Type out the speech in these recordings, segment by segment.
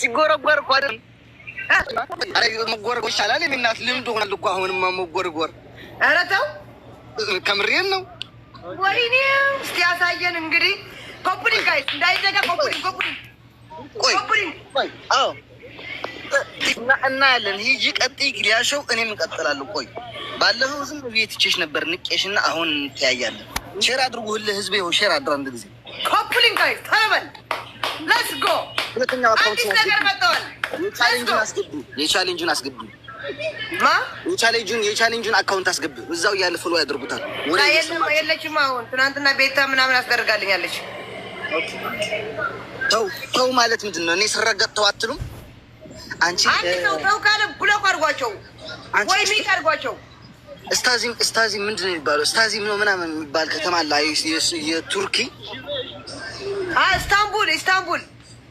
ሲጎረጎር እኮ መጎረጎር ይሻላል። ልምድ ሆናል እኮ አሁንማ መጎርጎር። ኧረ ተው ከምሬን ነው። ወይኔ እስኪ ያሳየን እንግዲህ ኮፕሊን ጋይ እንዳይዘጋ ኮፕሊን እናያለን። ሂጂ ቀጥይ ግሊያሸው፣ እኔም እንቀጥላለሁ። ቆይ ባለፈው ዝም ብዬ ትቼሽ ነበር ንቄሽ እና አሁን እንተያያለን። ሼር አድርጉ ሁሉ ህዝቤ ሼር አድር አንድ ጊዜ ኮፕሊን ጋይ ተረበል ለስጎ ሁለተኛው አዲስ ነገር መጥቷል። የቻሌንጁን አስገቡ። የቻሌንጁን አካውንት አስገቡ። እዛው እያለ ፎሎ ያደርጉታል። የለችም አሁን ትናንትና ቤታ ምናምን አስደርጋልኛለች። ተው ተው ማለት ምንድን ነው? እኔ ስረገጥ ተው አትሉም። አንቺ ተው ካለ ብሎክ አድርጓቸው ወይ ሚት አድርጓቸው። እስታዚም እስታዚም ምንድን ነው የሚባለው? እስታዚም ነው ምናምን የሚባል ከተማ አለ የቱርኪ ኢስታንቡል ኢስታንቡል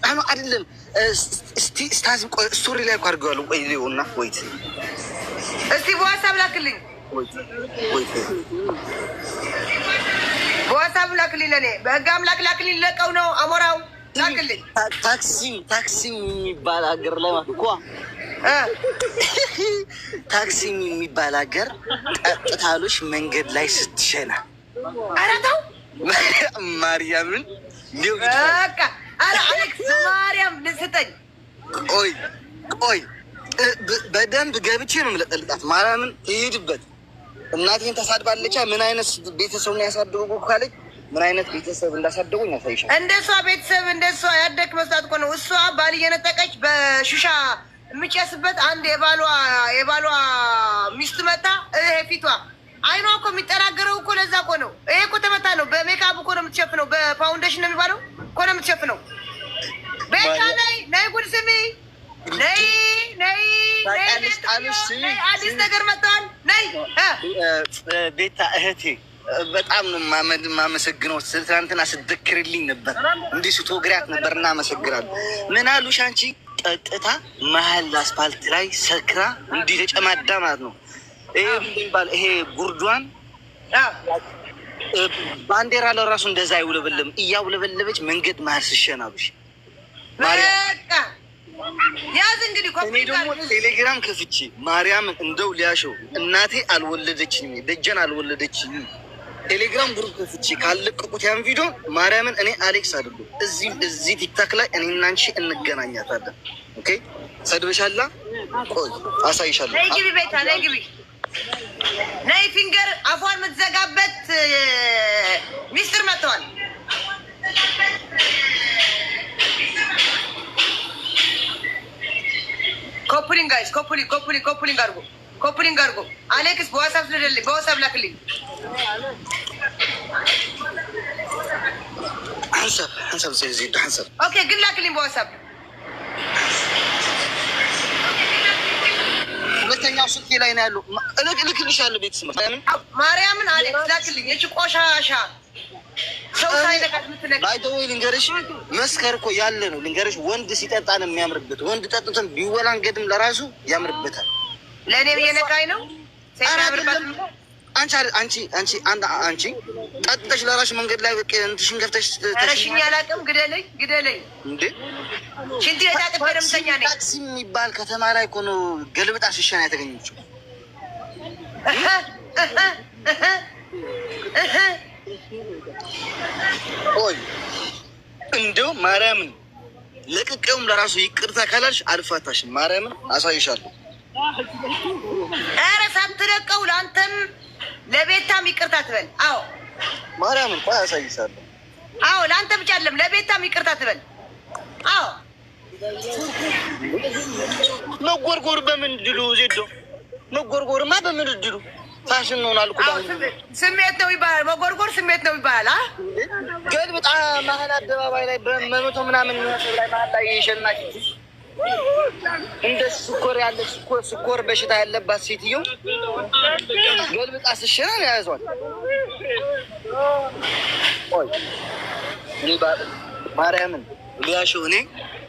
አኖ አይደለም። እስቲ ስታዚ ስቶሪ ላይ እኮ አድርገዋለሁ። ቆይ ሆና ወይት እስቲ በዋሳብ ላክልኝ፣ በዋሳብ ላክልኝ፣ ለእኔ በህግ አምላክ ላክልኝ። ለቀው ነው አሞራው ላክልኝ። ታክሲም ታክሲም የሚባል ሀገር ላይ ማለት እኮ ታክሲም የሚባል ሀገር ጠጥታሎች መንገድ ላይ ስትሸና አረተው ማርያምን በቃ ኧረ አሌክስ ማርያም ልስጠኝ። ቆይ ቆይ በደንብ ገብቼ ነው የምለጠልጣት። ማርያምን ትሄድበት። እናቴን ተሳድባለቻ። ምን አይነት ቤተሰብ ነው ያሳደጉ ካለች ምን አይነት ቤተሰብ እንዳሳደጉኝ ያሳይሻል። እንደሷ ቤተሰብ እንደሷ ያደግ መስጣት እኮ ነው። እሷ ባል እየነጠቀች በሽሻ የሚጨስበት አንድ የባሏ የባሏ ሚስት መታ ይሄ ፊቷ አይኗ እኮ የሚጠናገረው እኮ ለዛ እኮ ነው። ይሄ እኮ ተመታ ነው። በሜካፕ እኮ ነው የምትሸፍነው። በፋውንዴሽን ነው የሚባለው እኮ ነው የምትሸፍነው። ቤታ ነይ ነይ፣ ጉድ ስሚ፣ ነይ ነይ፣ አዲስ ነገር መጥተዋል። ነይ ቤታ እህቴ፣ በጣም ነው ማመድ ማመሰግነው። ትናንትና ስትደክርልኝ ነበር፣ እንዲህ ስትወግሪያት ነበር። እናመሰግናለሁ። ምን አሉሽ አንቺ? ጠጥታ መሀል አስፓልት ላይ ሰክራ እንዲህ ተጨማዳ ማለት ነው ይሄ ጉርዷን ባንዴራ ለራሱ እንደዛ አይውለበልም። እያውለበለበች መንገድ መሀል ስሸናብሽ ያዝ እንግዲህ እኔ ደግሞ ቴሌግራም ከፍቼ ማርያምን እንደው ሊያሸው እናቴ አልወለደችኝ፣ ደጀን አልወለደችኝ። ቴሌግራም ግሩፕ ከፍቼ ካለቀቁት ያን ቪዲዮ ማርያምን እኔ አሌክስ አይደለሁ። እዚህ እዚህ ቲክታክ ላይ እኔ እና እንገናኛታለን። ኦኬ ሰድበሻላ፣ ቆይ አሳይሻለሁ። ግቢ ቤታ፣ ግቢ ነይ ፊንገር አፏን የምትዘጋበት ሚስጥር መጥተዋል። ኮፕሊንግ ጋይስ ኮፕሊንግ ኮፕሊንግ ኮፕሊንግ አድርጎ ኮፕሊንግ አድርጎ አሌክስ በዋሳብ ስለደልኝ ላክልኝ። ኦኬ ግን ላክልኝ ያው ስልኬ ላይ ነው ያለው። እልክልሻለሁ ቤት ማርያምን አለ ላክልኝ። እች ቆሻሻ ሰው ሳይነካት ልንገርሽ፣ መስከር እኮ ያለ ነው ልንገርሽ። ወንድ ሲጠጣ ነው የሚያምርበት። ወንድ ጠጥቶን ቢወላንገድም ለራሱ ያምርበታል። ለእኔ የነካኝ ነው ሳይምርበት አንቺ አንቺ አንቺ አንድ አንቺ ጠጥተሽ ለራሽ መንገድ ላይ በቃ እንትሽን ከፍተሽ ተረሽኝ አላውቅም። ግደለኝ ግደለኝ እንዴ ሽንቲ የታጠበ ደምተኛ ነኝ። ታክሲ የሚባል ከተማ ላይ እኮ ነው ገልብጣ ሽሻና የተገኘችው። ኦይ እንደው ማርያምን ለቅቄውም ለራሱ ይቅርታ ካላልሽ አልፋታሽም። ማርያምን አሳይሻለሁ። ኧረ ሳትለቀው ለአንተም ለቤታም ይቅርታ ትበል። አዎ ማርያም እንኳ ያሳይሻለሁ። አዎ ለአንተ ብቻ አይደለም ለቤታም ይቅርታ ትበል። አዎ መጎርጎር በምንድሉ ዜዶ መጎርጎርማ ድሉ ፋሽን ነው አልኩ። ስሜት ነው ይባላል፣ መጎርጎር ስሜት ነው ይባላል። ግን በጣም መሀል አደባባይ ላይ በመቶ ምናምን ላይ መሀል ላይ ይሸናች እንደ ስኮር ያለ ስኮር በሽታ ያለባት ሴትዮ ገልብጣ ስሽራ ያዟል። ማርያምን ሊያሽ እኔ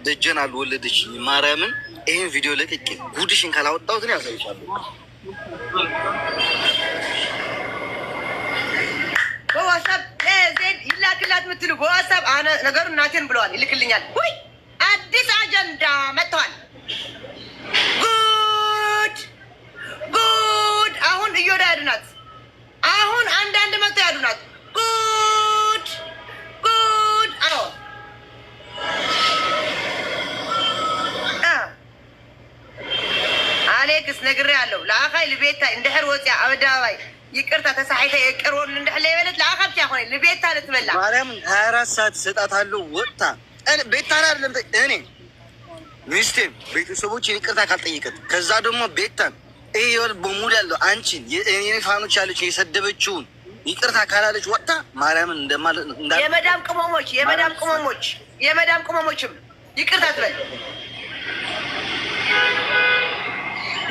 ደጀን አልወለደች። ማርያምን ይህን ቪዲዮ ለቅቄ ጉድሽን ካላወጣሁትን ያሳይሻሉ። በዋሳብ ዜድ ይላክላት የምትሉ በዋሳብ ነገሩ እናቴን ብለዋል፣ ይልክልኛል ወይ አዲስ አጀንዳ መጥቷል። ጉድ ጉድ! አሁን እዮዳ ያድናት። አሁን አንዳንድ መጥቶ ያድናት። ነግሬ አለው ለአኻይ ልቤታ እንድሕር ወፅያ ኣብ ይቅርታ ተሳሒተ የቅርቦ እንድሕለ የበለት ለኣኻ ኮነ ልቤታ ንትበላ ማርያም ሀያ አራት ሰዓት ይሰጣታሉ ወጥታ ቤታን አይደለም እኔ ሚስቴን ቤተሰቦች ይቅርታ ካልጠየቀት ከዛ ደግሞ ቤታን ይህ በሙሉ ያለው አንቺን የኔ ፋኖች ያለች የሰደበችውን ይቅርታ ካላለች ወጥታ ማርያምን እንደማለ የመዳም ቅመሞች የመዳም ቅመሞች የመዳም ቅመሞችም ይቅርታ ትበል።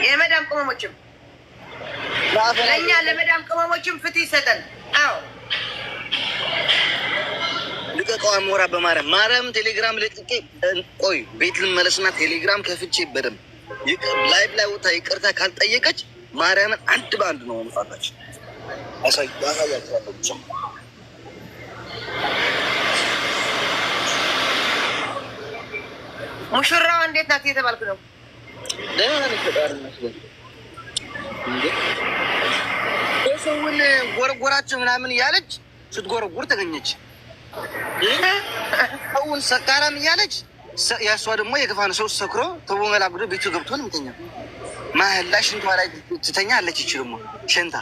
የመዳም ቅመሞችም ለእኛ ለመዳም ቅመሞችም ፍትህ ይሰጠን። አዎ ልቀቀው አሞራ በማርያም ማርያም ቴሌግራም ልቅቄ ቆይ ቤት ልመለስና ቴሌግራም ከፍቼ በደምብ ላይቭ ላይ ቦታ ይቅርታ ካልጠየቀች ማርያምን አንድ በአንድ ነው መምጣታች አሳያቸዋለሁ። ሙሽራዋ እንዴት ናት እየተባልክ ነው። ሰውን ጎረጎራቸው ምናምን እያለች ስትጎረጉር ተገኘች። እውን ሰካራም እያለች ያሷ ደግሞ የገፋን ሰው ሰክሮ ተቦ መላግዶ ቤቱ ገብቶ ነው ምተኛ ማህላ ሽንቷ ላይ ትተኛ አለች። ይች ደግሞ ሸንታ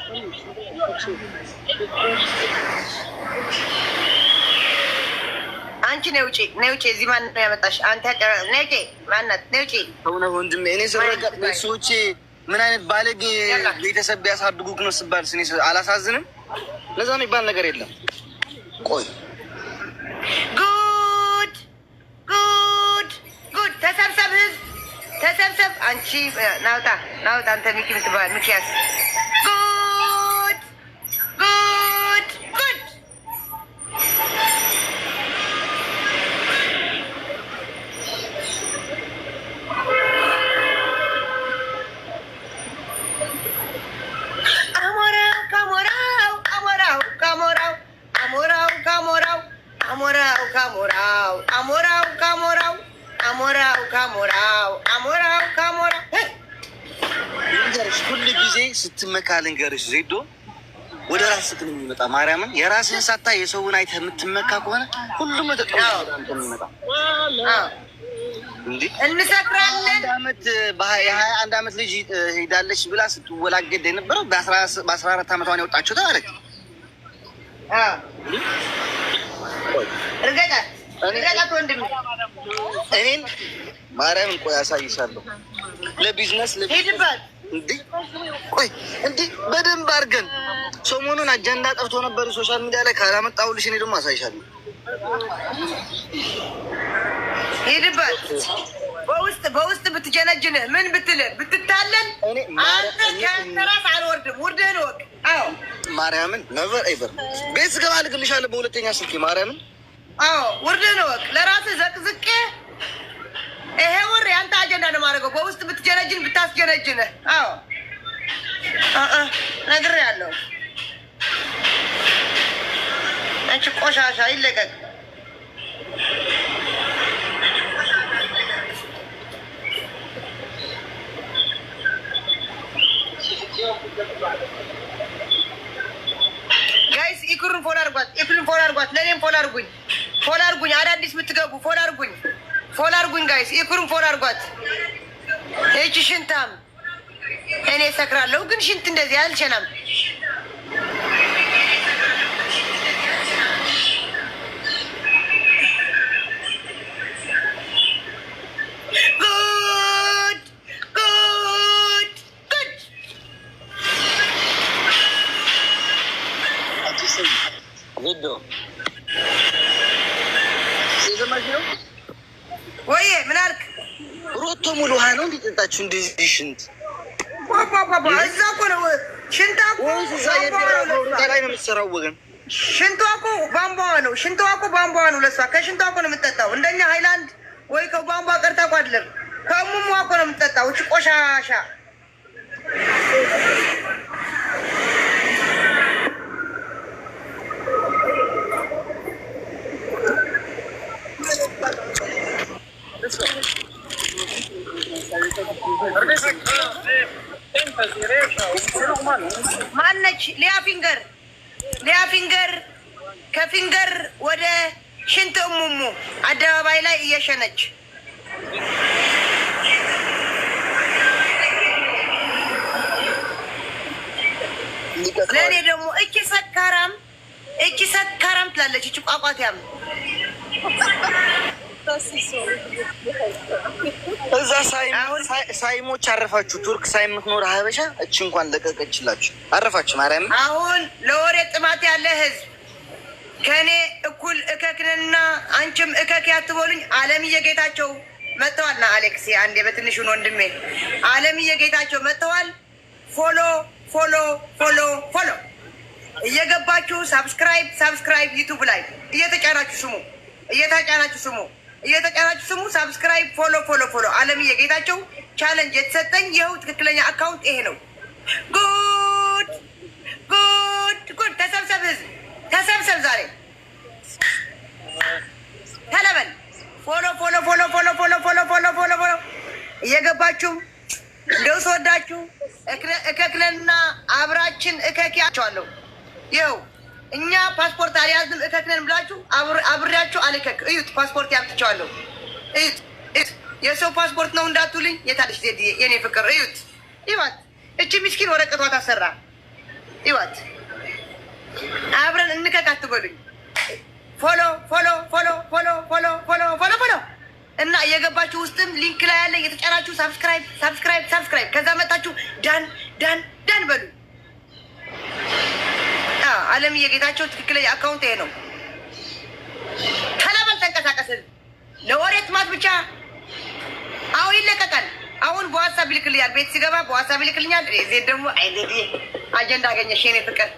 አንቺ ነይ ውጪ፣ ነይ ውጪ። እዚህ ማን ነው ያመጣሽ? አንተ ነይ ውጪ። ማናት? ነይ ውጪ። ሆነ ወንድሜ፣ እኔ ሰው ሰዎች ምን አይነት ባለጌ ቤተሰብ ቢያሳድጉ ነው ስባል ስኔ አላሳዝንም። ለዛ የሚባል ነገር የለም። ቆይ ጉድ ጉድ ጉድ! ተሰብሰብ ህዝብ ተሰብሰብ። አንቺ ናውጣ ናውጣ፣ አንተ ሚኪ ምትባል ሚኪያስ አትመካ ልንገርሽ ዜዶ ወደ ራስ ስትል የሚመጣ ማርያምን የራስን ሳታ የሰውን አይተ የምትመካ ከሆነ ሁሉም ተጠ የሀያ አንድ ልጅ ሄዳለች ብላ ስትወላገድ የነበረው በአስራ አራት ተባለች። እኔን ማርያም እንቆ ያሳይሻለሁ ለቢዝነስ ሄድባት እንዲህ በደንብ አድርገን ሰሞኑን አጀንዳ ጠፍቶ ነበር ሶሻል ሚዲያ ላይ ካላመጣሁልሽ እኔ ደግሞ አሳይሻለሁ። ሂድበት በውስጥ በውስጥ ብትጀነጅን ምን ብትል ብትታለን አንተ ከራስ አልወርድም። ውርድህን ወቅ ማርያምን ነቨር ኤቨር ቤት ስገባ ልክልሻለሁ በሁለተኛ ስልኬ ማርያምን ውርድህን ወቅ ለራስህ ዘቅዝቄ ይሄ ወሬ አንተ አጀንዳ ነው የማደርገው። በውስጥ ብትጀነጅን ብታስጀነጅን፣ አዎ ነግሬያለሁ። አንቺ ቆሻሻ ይለቀቅ። ጋይስ ኢኩሩን ፎሎ አድርጓት፣ ኢኩሩን ፎሎ አድርጓት፣ ለእኔም ፎሎ አድርጉኝ፣ ፎሎ አድርጉኝ። አዳዲስ የምትገቡ ፎሎ አድርጉኝ። ፎል አርጉኝ ጋይስ፣ የኩሩም ፎል አርጓት። እቺ ሽንታም እኔ ሰክራለሁ፣ ግን ሽንት እንደዚህ አልችላም። ጉድ ጉድ ጉድ ወይ ምን አልክ? ሮቶ ሙሉ ውሃ ነው እንዲጠጣችሁ እንደዚህ ሽንት እዛ እኮ ነው ሽንታ ላይ ነው የምትሰራው ወገን ሽንቷ እኮ ቧንቧዋ ነው። ሽንቷ እኮ ቧንቧዋ ነው። ለሷ ከሽንቷ እኮ ነው የምትጠጣው። እንደኛ ሃይላንድ ወይ ከቧንቧ ቀርታ እኮ አይደለም ከሙሟ እኮ ነው የምትጠጣው። እች ቆሻሻ ማነች? ሊያ ፊንገር ሊያ ፊንገር ከፊንገር ወደ ሽንት እሙሙ አደባባይ ላይ እየሸነች ለእኔ ደግሞ እቺ ሰካራም እቺ ሰካራም ትላለች። እቺ ቋቋቲያም? እዛ ሳይሞች አረፋችሁ። ቱርክ ሳይም የምትኖር ሀበሻ እች እንኳን ለቀቀችላችሁ አረፋችሁ። ማርያም አሁን ለወሬ ጥማት ያለ ህዝብ ከእኔ እኩል እከክንና አንቺም እከክ ያትበሉኝ። አለምዬ ጌታቸው መጥተዋልና አሌክሲ አንዴ በትንሹን ወንድሜ አለምዬ ጌታቸው መጥተዋል። ፎሎ ፎሎ ፎሎ ፎሎ እየገባችሁ ሳብስክራይብ ሳብስክራይብ ዩቱብ ላይ እየተጫናችሁ ስሙ እየተጫናችሁ ስሙ። እየተጫናችሁ ስሙ። ሳብስክራይብ፣ ፎሎ፣ ፎሎ፣ ፎሎ። አለም የጌታቸው ቻለንጅ የተሰጠኝ ይኸው ትክክለኛ አካውንት ይሄ ነው። ጉድ ጉድ ጉድ! ተሰብሰብ ህዝብ ተሰብሰብ፣ ዛሬ ተለበል። ፎሎ ፎሎ ፎሎ ፎሎ ፎሎ ፎሎ ፎሎ ፎሎ ፎሎ እየገባችሁ እንደው ስወዳችሁ እከክለንና አብራችን እከኪያቸዋለሁ ይኸው እኛ ፓስፖርት አልያዝንም እከክነን ብላችሁ አብሬያችሁ አልከክ እዩት። ፓስፖርት ያምጥቸዋለሁ። እዩት ፓስፖርት ያምጥቸዋለሁ እዩት የሰው ፓስፖርት ነው እንዳትሉኝ። የታለች ዜድዬ የኔ ፍቅር እዩት። ይዋት እቺ ምስኪን ወረቀቷ ታሰራ። ይዋት አብረን እንከክ አትበሉኝ። ፎሎ ፎሎ ፎሎ ፎሎ ፎሎ ፎሎ ፎሎ ፎሎ እና እየገባችሁ ውስጥም ሊንክ ላይ ያለ እየተጫናችሁ ሳብስክራይብ ሳብስክራይብ ሳብስክራይብ ከዛ መጣችሁ ዳን ዳን ዳን በሉ አለም የጌታቸው ትክክለኛ አካውንት ይሄ ነው። ተለበል ተንቀሳቀስ፣ ለወሬ ትማት ብቻ አሁን ይለቀቃል። አሁን በዋሳብ ይልክልኛል። ቤት ሲገባ በዋሳብ ይልክልኛል። ዜ ደግሞ አይዘድ አጀንዳ አገኘሽ የኔ ፍቅር።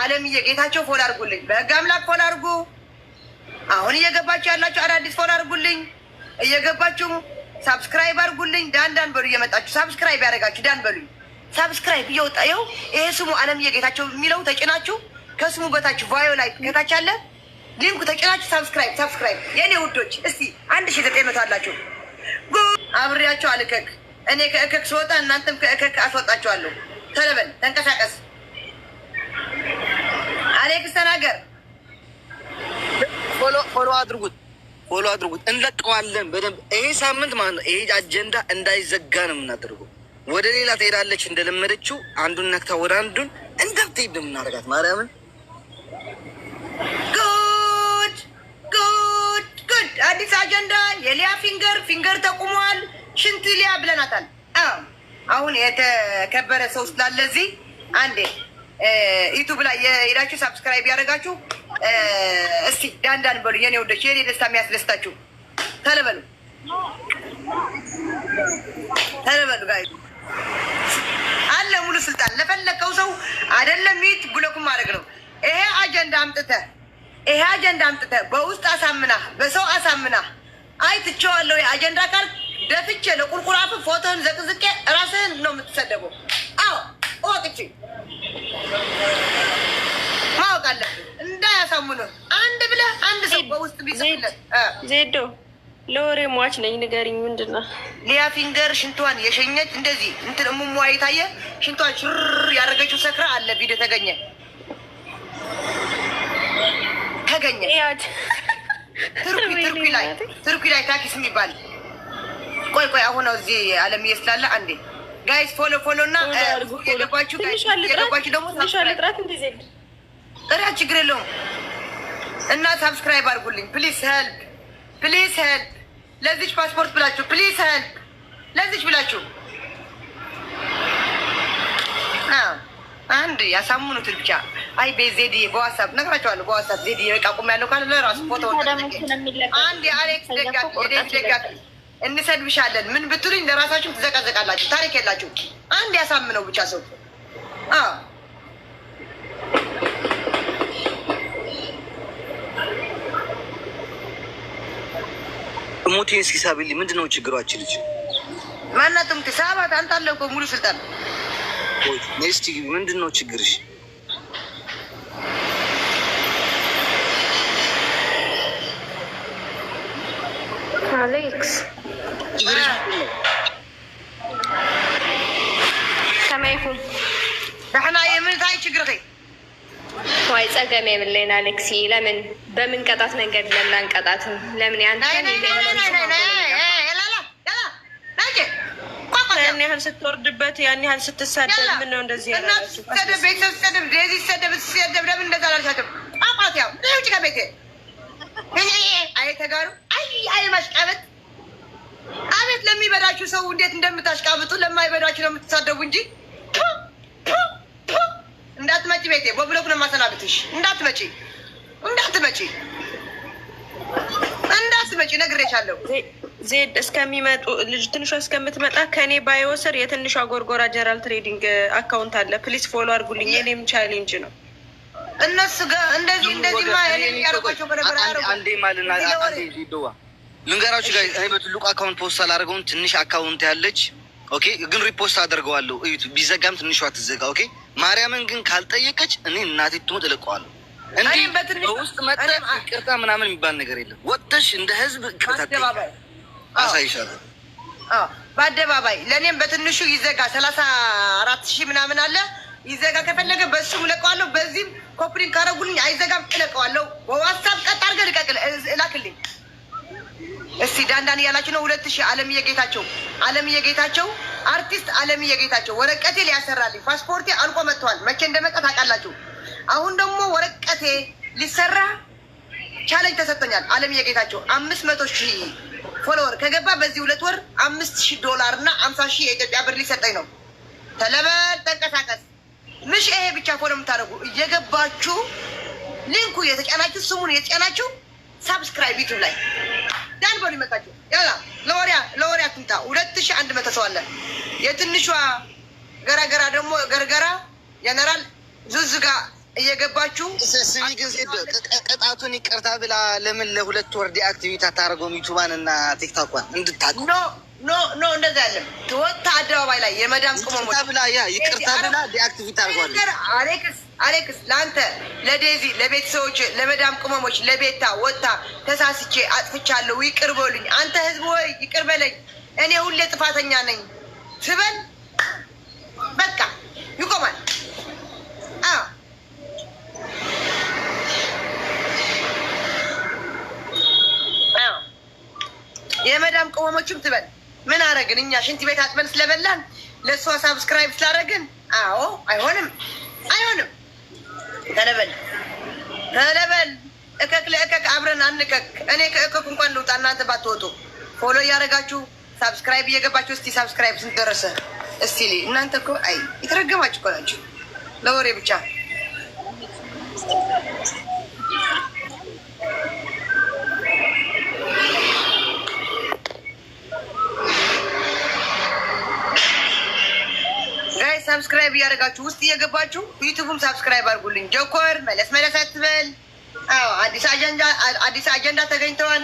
አለም የጌታቸው ፎል አድርጉልኝ፣ በህግ አምላክ ፎል አድርጉ። አሁን እየገባችሁ ያላችሁ አዳዲስ ፎል አድርጉልኝ፣ እየገባችሁ ሳብስክራይብ አድርጉልኝ። ዳንዳን በሉ እየመጣችሁ ሳብስክራይብ ያደረጋችሁ ዳን በሉኝ። ሳብስክራይብ እየወጣ ይኸው፣ ይሄ ስሙ አለምዬ ጌታቸው የሚለው ተጭናችሁ ከስሙ በታች ቫዮ ላይ ከታች አለ ሊንኩ ተጭናችሁ ሳብስክራይብ ሳብስክራይብ። የእኔ ውዶች እስቲ አንድ ሺ ዘጠኝ መቶ አላችሁ አብሬያቸው አልከክ እኔ ከእከክ ስወጣ እናንተም ከእከክ አስወጣችኋለሁ። ተለበል ተንቀሳቀስ፣ አሌክስ ተናገር። ፎሎ አድርጉት፣ ፎሎ አድርጉት። እንለቀዋለን በደንብ ይሄ ሳምንት ማለት ነው። ይሄ አጀንዳ እንዳይዘጋ ነው የምናደርገው። ወደ ሌላ ትሄዳለች እንደለመደችው አንዱን ነክታ ወደ አንዱን እንደምትሄድ ነው የምናደርጋት። ማርያምን ጉድ ጉድ ጉድ! አዲስ አጀንዳ የሊያ ፊንገር ፊንገር ተቁሟል። ሽንት ሊያ ብለናታል። አሁን የተከበረ ሰው ስላለ እዚህ አንዴ ዩቱብ ላይ የሄዳችሁ ሳብስክራይብ ያደረጋችሁ እስቲ ዳንዳን በሉ የኔ ወደች የኔ ደስታ የሚያስደስታችሁ ተለበሉ ተለበሉ ጋይ አለ ሙሉ ስልጣን ለፈለከው ሰው አይደለም ሚት ጉለኩም ማድረግ ነው። ይሄ አጀንዳ አምጥተህ ይሄ አጀንዳ አምጥተህ በውስጥ አሳምና በሰው አሳምና አይ ትቼዋለሁ የአጀንዳ ካል ደፍቼ ለቁልቁራፍ ፎቶን ዘቅዝቄ ራስህን ነው የምትሰደበው። አዎ ወቅቺ ማወቅ አለብህ እንዳያሳምኑህ አንድ ብለህ አንድ ሰው በውስጥ ቢጽፍለት ዜዶ ለወሬ ሟች ነኝ። ንገሪኝ፣ ምንድን ነው ሊያ ፊንገር ሽንቷን የሸኘች እንደዚህ እንትን እሙሟ የታየ ሽንቷን ሽር ያደረገችው ሰክራ አለ ቪዲዮ ተገኘ ተገኘ። ትርኩ ላይ ትርኩ ላይ ታኪስ የሚባል ቆይ ቆይ፣ አሁን እዚህ አለም እየስላለ አንዴ ጋይስ ፎሎ ፎሎ እና የገባችሁ የገባችሁ ደግሞ ጥራት ችግር የለውም እና ሳብስክራይብ አድርጉልኝ ፕሊስ ሄልፕ ፕሊስ ሄልፕ ለዚች ፓስፖርት ብላችሁ ፕሊዝ ሄልፕ ለዚች ብላችሁ አንድ ያሳምኑትን ብቻ። አይ ዜዲ በዋሳብ ነግራቸዋለሁ። በዋሳብ ዜዲ በቃ ቁም ያለው ካለ ለራሱ ፎቶ አንድ የአሌክስ ደጋፊ የዴዚ ደጋፊ እንሰድብሻለን ምን ብትሉኝ ለራሳችሁ ትዘቀዘቃላችሁ። ታሪክ የላችሁ። አንድ ያሳምነው ብቻ ሰው ሞቴን ሲሳብልኝ ምንድን ነው ችግሯችን? ልጅ ማናትም ሳባት አንተ አለ እኮ ሙሉ ስልጣን ስቲ ምንድን ነው ችግርሽ? አሌክስ ከመይኩም ዳሕና የምንታይ ችግር ዋይ ጸገም የምለን አሌክሲ ለምን በምን ቀጣት መንገድ ለምን አንቀጣትም? ለምን ያን ያህል ስትወርድበት ያን ያህል ስትሳደብ ምን ነው እንደዚህ አቤት ለሚበዳችሁ ሰው እንዴት እንደምታሽቃብጡ ለማይበዳችሁ ነው የምትሳደቡ እንጂ እንዳትመጭ ቤቴ በብሎክ ነው በእናትሽ እንዳትመጪ እንዳትመጪ እንዳትመጪ ነግሬሻለሁ። ዜድ እስከሚመጡ ልጅ ትንሿ እስከምትመጣ ከኔ ባይወስር የትንሿ ጎርጎራ ጀራል ትሬዲንግ አካውንት አለ። ፕሊስ ፎሎ አድርጉልኝ። እኔም ቻሌንጅ ነው። እነሱ ጋር እንደዚህ እንደዚህ ያደረጓቸው በነበር አንዴ ማልና ልንገራችሁ ጋር እኔ በትልቁ አካውንት ፖስት አላደርገውም። ትንሽ አካውንት ያለች ኦኬ፣ ግን ሪፖስት አደርገዋለሁ። እዩት፣ ቢዘጋም ትንሿ ትዘጋ። ኦኬ ማርያምን ግን ካልጠየቀች እኔ እናቴ ትሞት እለቀዋለሁ። እንዲህ በውስጥ መጠን ይቅርታ ምናምን የሚባል ነገር የለም። ወጥተሽ እንደ ህዝብ አደባባይ አሳይሻለሁ። በአደባባይ ለእኔም በትንሹ ይዘጋ ሰላሳ አራት ሺህ ምናምን አለ ይዘጋ። ከፈለገ በሱም እለቀዋለሁ፣ በዚህም ኮፕሪን ካረጉልኝ አይዘጋም እለቀዋለሁ። በዋትሳፕ ቀጥ አድርገህ ልቀቅል እላክልኝ። እስቲ ዳንዳን እያላችሁ ነው። ሁለት ሺህ አለምዬ ጌታቸው አለምዬ ጌታቸው አርቲስት አለም ጌታቸው ወረቀቴ ሊያሰራልኝ ፓስፖርቴ አልቆ መጥተዋል። መቼ እንደመጣ ታውቃላችሁ። አሁን ደግሞ ወረቀቴ ሊሰራ ቻለንጅ ተሰጥቶኛል። አለም ጌታቸው አምስት መቶ ሺህ ፎሎወር ከገባ በዚህ ሁለት ወር አምስት ሺህ ዶላር እና አምሳ ሺህ የኢትዮጵያ ብር ሊሰጠኝ ነው። ተለመድ ተንቀሳቀስ። ምሽ ይሄ ብቻ ፎሎ የምታደርጉ እየገባችሁ ሊንኩ የተጫናችሁ ስሙን የተጫናችሁ ሳብስክራይብ ዩቱብ ላይ ዳን በሉ ይመጣችሁ። ያላ ለወሪያ ለወሪያ ትምታ ሁለት ሺህ አንድ መቶ ሰው አለ። የትንሿ ገረገራ ደግሞ ገርገራ ጀነራል ዙዝ ጋር እየገባችሁ ስሚ ግን ቅጣቱን ይቅርታ ብላ ለምን ለሁለት ወር ዲአክቲቪት አታደርገውም? ዩቱባን እና ቲክታኳን እንድታቁ ኖ ኖ ኖ እንደዚ ያለም ትወታ አደባባይ ላይ የመዳም ቅመሞች ብላ ያ ይቅርታ ብላ ዲአክቲቪቲ አድርጓለች። አሌክስ አሌክስ ለአንተ ለዴዚ ለቤተሰቦች ለመዳም ቅመሞች ለቤታ ወታ ተሳስቼ አጥፍቻለሁ ይቅር በሉኝ። አንተ ህዝብ ወይ ይቅር በለኝ። እኔ ሁሌ ጥፋተኛ ነኝ። ትበል በቃ ይቆማል። የመዳም ቅመሞችም ትበል ምን አረግን እኛ ሽንት ቤት አጥበን ስለበላን ለእሷ ሳብስክራይብ ስላደረግን። አዎ አይሆንም፣ አይሆንም። ተለበል ተለበል እከክ ለእከክ አብረን አንከክ። እኔ ከእከክ እንኳን ልውጣ እናንተ ባትወጡ ፎሎ እያደረጋችሁ ሳብስክራይብ እየገባችሁ እስቲ ሳብስክራይብ ስንት ደረሰ እስቲ ሊ እናንተ እኮ አይ የተረገማችሁ እኮ ናችሁ ለወሬ ብቻ። ጋይ ሳብስክራይብ እያደረጋችሁ ውስጥ እየገባችሁ ዩቱብም ሳብስክራይብ አድርጉልኝ። ጆኮር መለስ መለስ አትበል። አዲስ አጀንዳ አዲስ አጀንዳ ተገኝተዋል።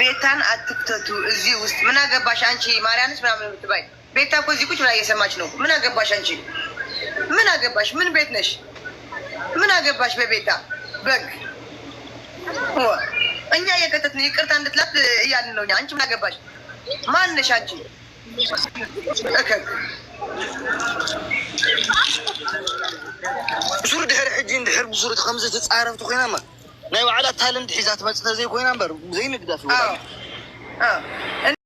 ቤታን አትክተቱ። እዚህ ውስጥ ምን አገባሽ አንቺ ማርያንስ ምናምን የምትባይ ቤታ እኮ እዚህ ቁጭ ብላ እየሰማች ነው። ምን አገባሽ አንቺ? ምን አገባሽ? ምን ቤት ነሽ? ምን አገባሽ? በቤታ በግ እኛ እየከተት ነው። ይቅርታ እንድትላት እያልን ነው። አንቺ ምን አገባሽ? ማን ነሽ አንቺ? ዙር ድሕሪ ሕጂ ንድሕር ብዙር ከምዚ ተፃረፍቲ ኮይና ናይ ባዕላ ታለንት ሒዛ ትመፅእ ተዘይኮይና እምበር ዘይንግዳፍ ይውላ